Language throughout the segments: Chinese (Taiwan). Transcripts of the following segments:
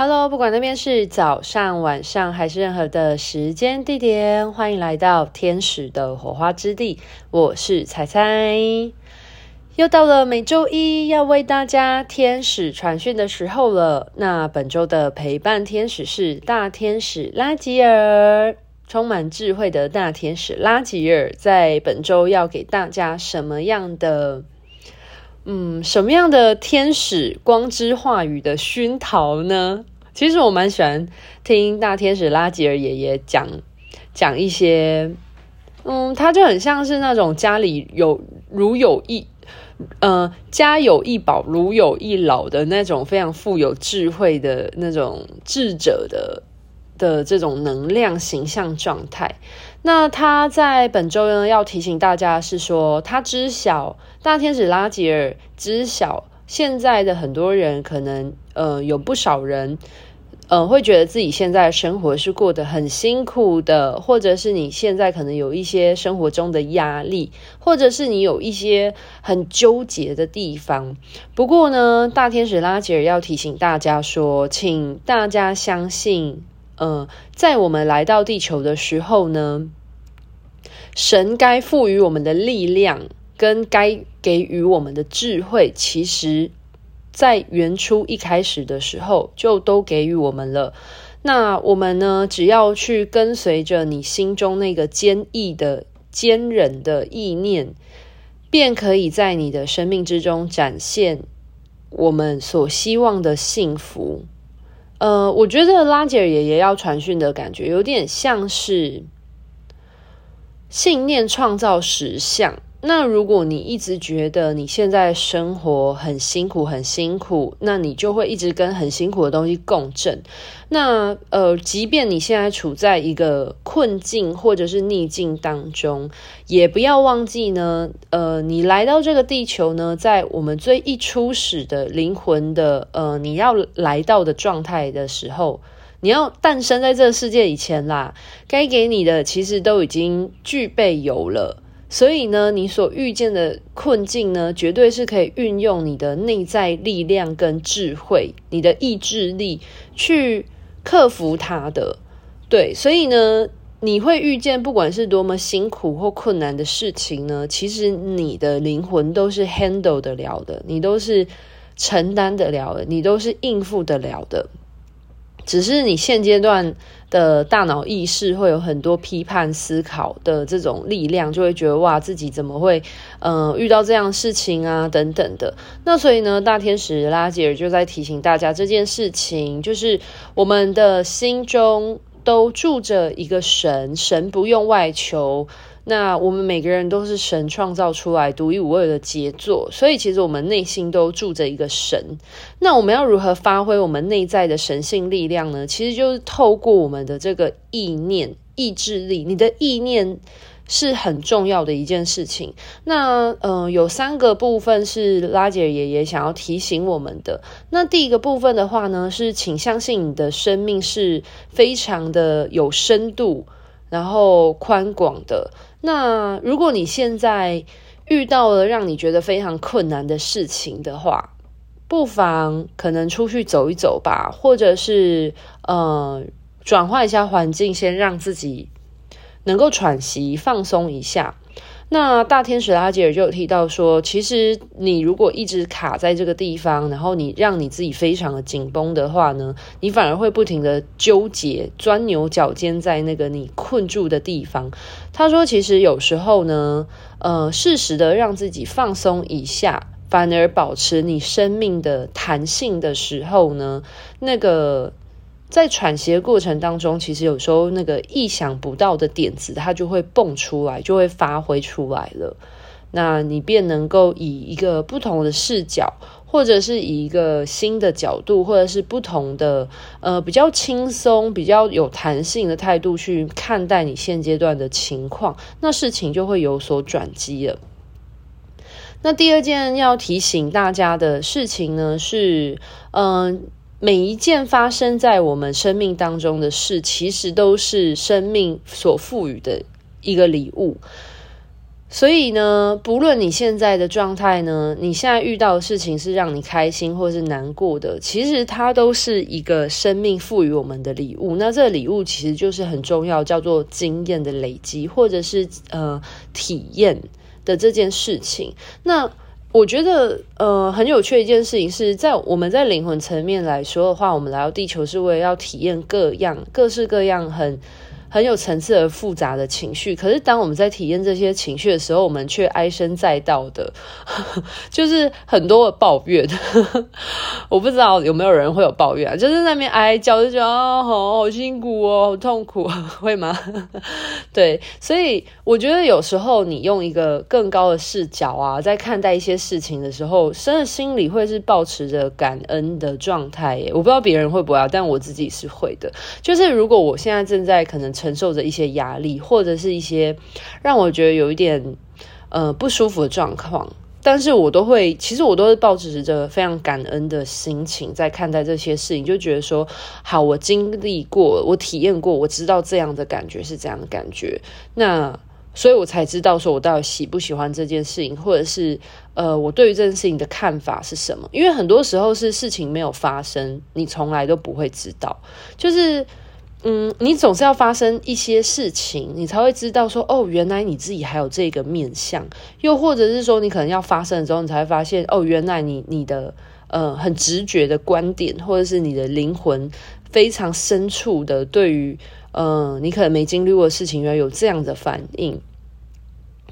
Hello，不管那邊是早上、晚上還是任何的時間地點，歡迎來到天使的火花之地。我是采采，又到了每周一要為大家天使傳訊的時候了。那本周的陪伴天使是大天使拉吉爾，充滿智慧的大天使拉吉爾，在本周要給大家什麼樣的？嗯，什麼樣的天使光之話語的熏陶呢？其實我蠻喜歡聽大天使拉吉爾爺爺講講一些，嗯，他就很像是那種家裡有如有一，嗯、呃，家有一寶如有一老的那種非常富有智慧的那種智者的、的這種能量形象狀態。那他在本周呢，要提醒大家是說，他知曉大天使拉吉爾知曉現在的很多人，可能呃有不少人，呃會覺得自己現在生活是過得很辛苦的，或者是你現在可能有一些生活中的壓力，或者是你有一些很糾結的地方。不過呢，大天使拉吉爾要提醒大家說，請大家相信。嗯，在我們來到地球的時候呢，神該賦予我們的力量跟該給予我們的智慧，其實在原初一開始的時候就都給予我們了。那我們呢，只要去跟隨着你心中那個堅毅的、堅韌的意念，便可以在你的生命之中展現我們所希望的幸福。呃，我覺得拉吉爾爺爺要傳訊的感覺，有點像是信念創造實相。那如果你一直覺得你現在生活很辛苦、很辛苦，那你就會一直跟很辛苦的東西共振。那呃，即便你現在處在一個困境或者是逆境當中，也不要忘記呢，呃，你來到這個地球呢，在我們最一初始的靈魂的呃，你要來到的狀態的時候，你要誕生在這個世界以前啦，該給你的其實都已經具備有了。所以呢，你所遇見的困境呢，絕對是可以運用你的內在力量跟智慧，你的意志力去克服它的。對，所以呢，你會遇見不管是多麼辛苦或困難的事情呢，其實你的靈魂都是 handle 得了的，你都是承擔得了的，你都是應付得了的。只是你現階段的大腦意識會有很多批判思考的這種力量，就會覺得哇，自己怎麼會，嗯、呃，遇到這樣的事情啊，等等的。那所以呢，大天使拉吉爾就在提醒大家，這件事情就是我們的心中都住着一個神，神不用外求。那我們每個人都是神創造出來獨一無二的傑作，所以其實我們內心都住着一個神。那我們要如何發揮我們內在的神性力量呢？其實就是透過我們的這個意念、意志力。你的意念是很重要的一件事情。那呃，有三個部分是拉吉爾爺爺想要提醒我們的。那第一個部分的話呢，是請相信你的生命是非常的有深度。然後寬廣的，那如果你現在遇到了讓你覺得非常困難的事情的話，不妨可能出去走一走吧，或者是呃，轉換一下環境先，先讓自己能夠喘息、放鬆一下。那大天使拉吉爾就有提到說，其實你如果一直卡在這個地方，然後你讓你自己非常的緊繃的話呢，你反而會不停的糾結、鑽牛角尖在那個你困住的地方。他說，其實有時候呢，呃，適時的讓自己放鬆一下，反而保持你生命的彈性的時候呢，那個。在喘息的過程當中，其實有時候那個意想不到的點子，它就會蹦出來，就會發揮出來了。那你便能夠以一個不同的視角，或者是以一個新的角度，或者是不同的呃比較輕鬆、比較有彈性的態度去看待你現階段的情況，那事情就會有所轉機了。那第二件要提醒大家的事情呢是，嗯、呃。每一件發生在我們生命當中的事，其實都是生命所賦予的一個禮物。所以呢，不論你現在的狀態呢，你現在遇到的事情是讓你開心或是難過的，其實它都是一個生命賦予我們的禮物。那這個禮物其實就是很重要，叫做經驗的累積，或者是呃體驗的這件事情。那我覺得，呃，很有趣的一件事情是在我們在靈魂層面來說的話，我們來到地球是為了要體驗各樣各式各樣很，很有層次而複雜的情緒，可是當我們在體驗這些情緒的時候，我們卻唉聲載道的，就是很多的抱怨。 我不知道有沒有人會有抱怨、啊，就是那邊哀叫，就覺得、哦、好，好辛苦哦，好痛苦啊，會嗎？ 對，所以我覺得有時候你用一個更高的視角啊，在看待一些事情的時候，真的心裡會是保持着感恩的狀態耶。我不知道別人會不會、啊，但我自己是會的。就是如果我現在正在可能。承受着一些壓力，或者是一些讓我覺得有一點呃不舒服的狀況，但是我都會，其實我都是抱持着、着非常感恩的心情在看待這些事情，就覺得說好，我經歷過，我體驗過，我知道這樣的感覺是這樣的感覺，那所以，我才知道說我到底喜不喜歡這件事情，或者是呃，我對於這件事情的看法是什麼？因為很多時候是事情沒有發生，你從來都不會知道，就是。嗯，你總是要發生一些事情，你才會知道說，哦，原來你自己還有這個面向，又或者是說，你可能要發生的時候，你才會發現，哦，原來你你的呃很直覺的觀點，或者是你的靈魂非常深處的對於，嗯、呃，你可能沒經歷過的事情，原來有這樣的反應。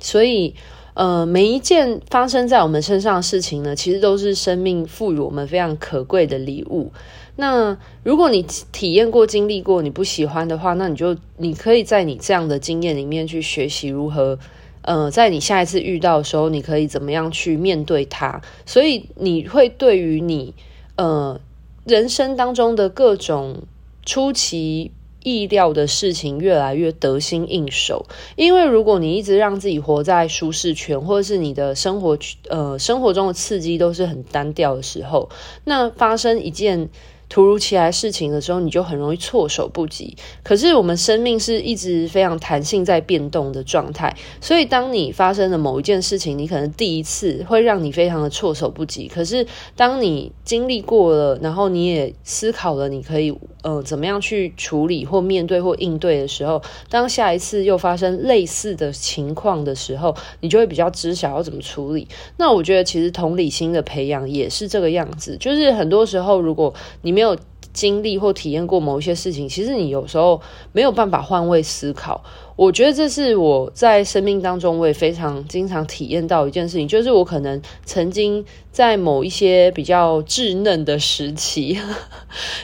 所以，呃，每一件發生在我們身上的事情呢，其實都是生命賦予我們非常可貴的禮物。那如果你體驗過、經歷過你不喜歡的話，那你就你可以在你這樣的經驗裡面去學習如何，呃，在你下一次遇到的時候，你可以怎麼樣去面對它。所以你會對於你呃人生當中的各種出乎意料的事情越來越得心應手。因為如果你一直讓自己活在舒適圈，或者是你的生活呃生活中的刺激都是很單調的時候，那發生一件突如其來事情的時候，你就很容易措手不及。可是我們生命是一直非常彈性在變動的狀態，所以當你發生了某一件事情，你可能第一次會讓你非常的措手不及。可是當你經歷過了，然後你也思考了，你可以呃怎麼樣去處理或面對或應對的時候，當下一次又發生類似的情況的時候，你就會比較知曉要怎麼處理。那我覺得其實同理心的培養也是這個樣子，就是很多時候如果你。沒有經歷或體驗過某一些事情，其實你有時候沒有辦法換位思考。我覺得這是我在生命當中我也非常經常體驗到一件事情，就是我可能曾經在某一些比較稚嫩的時期，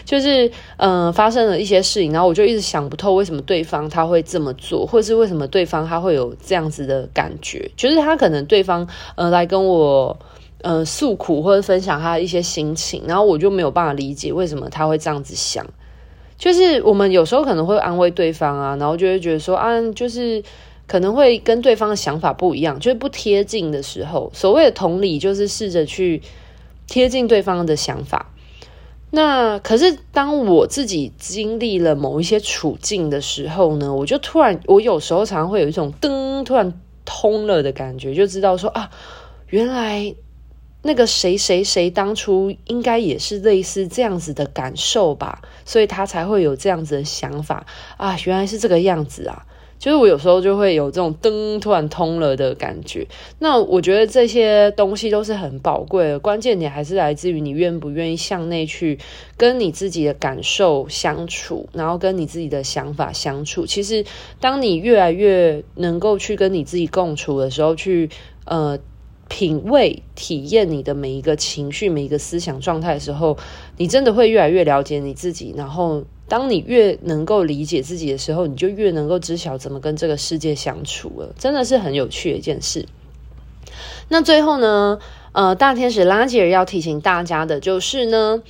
就是嗯、呃、發生了一些事情，然後我就一直想不透為什麼對方他會這麼做，或者是為什麼對方他會有這樣子的感覺，就是他可能對方呃來跟我。呃，訴苦或者分享他的一些心情，然後我就沒有辦法理解為什麼他會這樣子想。就是我們有時候可能會安慰對方啊，然後就會覺得說啊，就是可能會跟對方的想法不一樣，就是不貼近的時候，所謂的同理就是試着去貼近對方的想法。那可是當我自己經歷了某一些處境的時候呢，我就突然，我有時候常會有一種燈突然通了的感覺，就知道說啊，原來。那個誰誰誰當初應該也是類似這樣子的感受吧，所以他才會有這樣子的想法啊，原來是這個樣子啊。就是我有時候就會有這種燈突然通了的感覺。那我覺得這些東西都是很寶貴的，關鍵點還是來自於你願不願意向內去跟你自己的感受相處，然後跟你自己的想法相處。其實當你越來越能夠去跟你自己共處的時候，去呃。品味、體驗你的每一個情緒、每一個思想狀態的時候，你真的會越來越了解你自己。然後，當你越能夠理解自己的時候，你就越能夠知曉怎麼跟這個世界相處了。真的是很有趣的一件事。 那最後呢，呃，大天使拉吉爾要提醒大家的就是呢，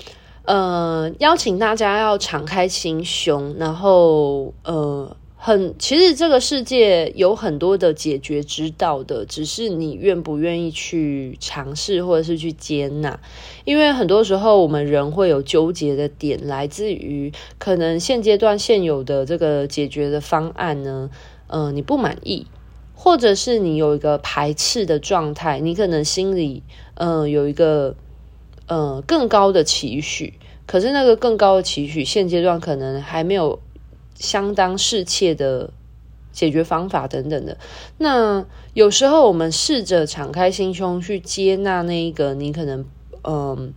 呃，邀請大家要敞開心胸，然後，呃。很，其實這個世界有很多的解決之道的，只是你願不願意去嘗試或者是去接納。因為很多時候我們人會有糾結的點，來自於可能現階段現有的這個解決的方案呢，嗯、呃，你不滿意，或者是你有一個排斥的狀態，你可能心裡，嗯、呃、有一個，嗯、呃、更高的期許，可是那個更高的期許現階段可能還沒有。相當適切的解決方法等等的，那有時候我們試着敞開心胸去接納那一個你可能嗯、呃、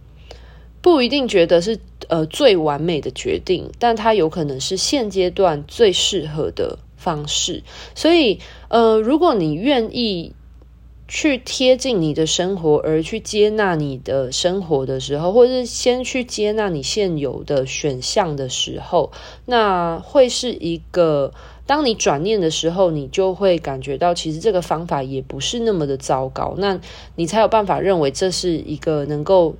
不一定覺得是呃最完美的決定，但它有可能是現階段最適合的方式。所以呃，如果你願意，去貼近你的生活，而去接納你的生活的時候，或者是先去接納你現有的選項的時候，那會是一個當你轉念的時候，你就會感覺到其實這個方法也不是那麼的糟糕，那你才有辦法認為這是一個能夠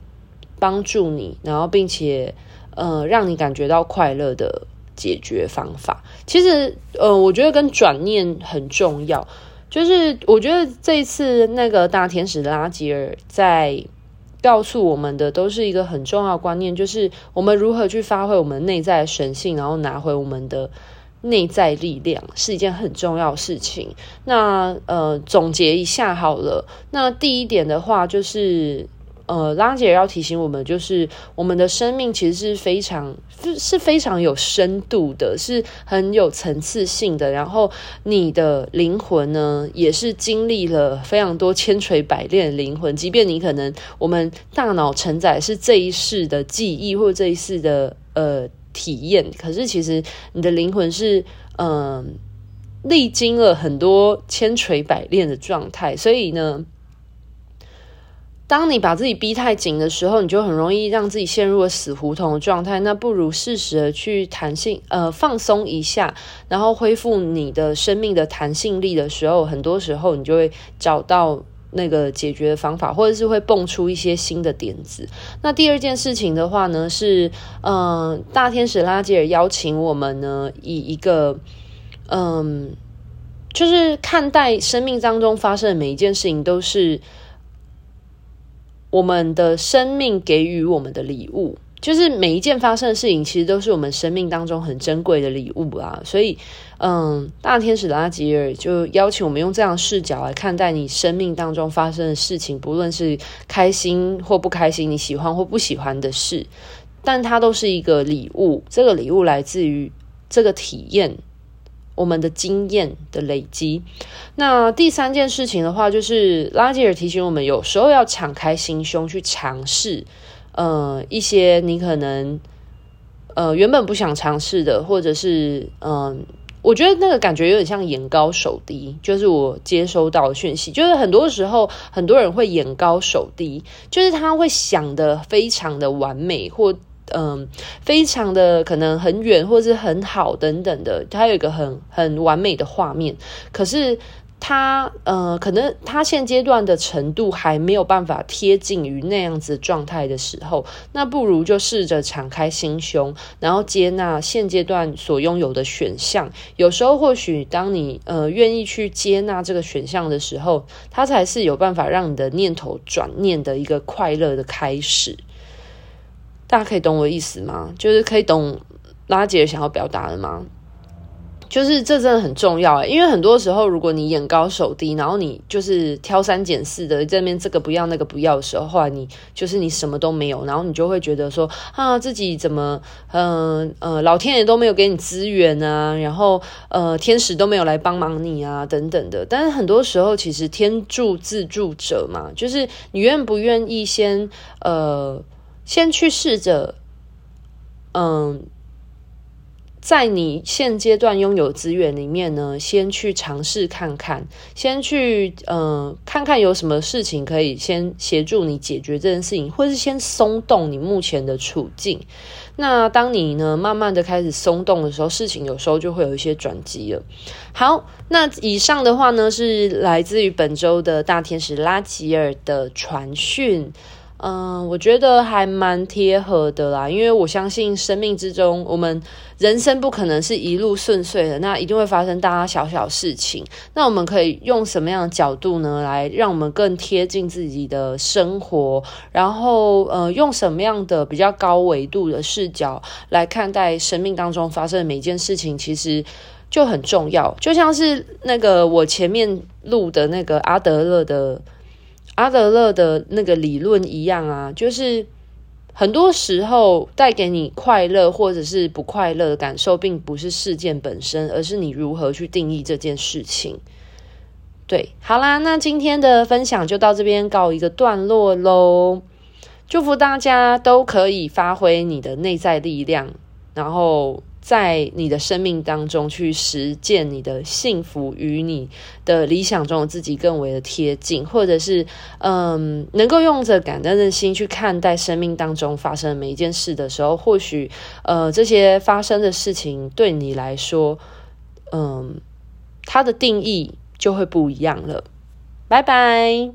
幫助你，然後並且呃讓你感覺到快樂的解決方法。其實呃，我覺得跟轉念很重要。就是我覺得這一次那個大天使拉吉爾在告訴我們的都是一個很重要觀念，就是我們如何去發揮我們內在的神性，然後拿回我們的內在力量，是一件很重要事情。那呃，總結一下好了，那第一點的話就是。呃，拉吉爾要提醒我們，就是我們的生命其實是非常是是非常有深度的，是很有層次性的。然後你的靈魂呢，也是經歷了非常多千錘百煉的靈魂，即便你可能我們大腦承載是這一世的記憶或這一世的呃體驗，可是其實你的靈魂是嗯、呃，歷經了很多千錘百煉的狀態。所以呢。當你把自己逼太緊的時候，你就很容易讓自己陷入了死胡同的狀態。那不如適時的去彈性，呃，放鬆一下，然後恢復你的生命的彈性力的時候，很多時候你就會找到那個解決的方法，或者是會蹦出一些新的點子。那第二件事情的話呢，是嗯、呃，大天使拉吉爾邀請我們呢，以一個嗯、呃，就是看待生命當中發生的每一件事情都是。我們的生命給予我們的禮物，就是每一件發生的事情，其實都是我們生命當中很珍貴的禮物啊，所以，嗯，大天使拉吉爾就邀請我們用這樣視角來看待你生命當中發生的事情，不論是開心或不開心，你喜歡或不喜歡的事，但它都是一個禮物。這個禮物來自於這個體驗。我們的經驗的累積。那第三件事情的話，就是拉吉爾提醒我們，有時候要敞開心胸去嘗試，呃，一些你可能呃原本不想嘗試的，或者是嗯、呃，我覺得那個感覺有點像眼高手低，就是我接收到的訊息，就是很多時候很多人會眼高手低，就是他會想得非常的完美或。嗯、呃，非常的可能很遠或者是很好等等的，它有一個很很完美的畫面。可是它，它呃，可能它現階段的程度還沒有辦法貼近於那樣子狀態的時候，那不如就試着敞開心胸，然後接納現階段所擁有的選項。有時候，或許當你呃願意去接納這個選項的時候，它才是有辦法讓你的念頭轉念的一個快樂的開始。大家可以懂我的意思嗎？就是可以懂拉吉爾想要表達的嗎？就是這真的很重要欸，因為很多時候，如果你眼高手低，然後你就是挑三揀四的，這邊這個不要那個不要的時候，後來你就是你什麼都沒有，然後你就會覺得說啊，自己怎麼嗯呃，呃，老天爺都沒有給你資源啊，然後呃，天使都沒有來幫忙你啊，等等的。但是很多時候，其實天助自助者嘛，就是你願不願意先呃。先去試着，嗯，在你現階段擁有資源裡面呢，先去嘗試看看，先去，嗯，看看有什麼事情可以先協助你解決這件事情，或是先鬆動你目前的處境。那當你呢，慢慢的開始鬆動的時候，事情有時候就會有一些轉機了。好，那以上的話呢，是來自於本周的大天使拉吉爾的傳訊。嗯，我覺得還蠻貼合的啦，因為我相信生命之中，我們人生不可能是一路順遂的，那一定會發生大大小小事情。那我們可以用什麼樣的角度呢，來讓我們更貼近自己的生活？然後，呃，用什麼樣的比較高維度的視角來看待生命當中發生的每件事情，其實就很重要。就像是那個我前面錄的那個阿德勒的。阿德勒的那個理論一樣啊，就是很多時候帶給你快樂或者是不快樂的感受，並不是事件本身，而是你如何去定義這件事情。對，好啦，那今天的分享就到這邊告一個段落嘍。祝福大家都可以發揮你的內在力量，然後。在你的生命當中去實踐你的幸福，與你的理想中的自己更為的貼近，或者是嗯、呃，能夠用着感恩的心去看待生命當中發生的每一件事的時候，或許呃，這些發生的事情對你來說，嗯、呃，它的定義就會不一樣了。拜拜。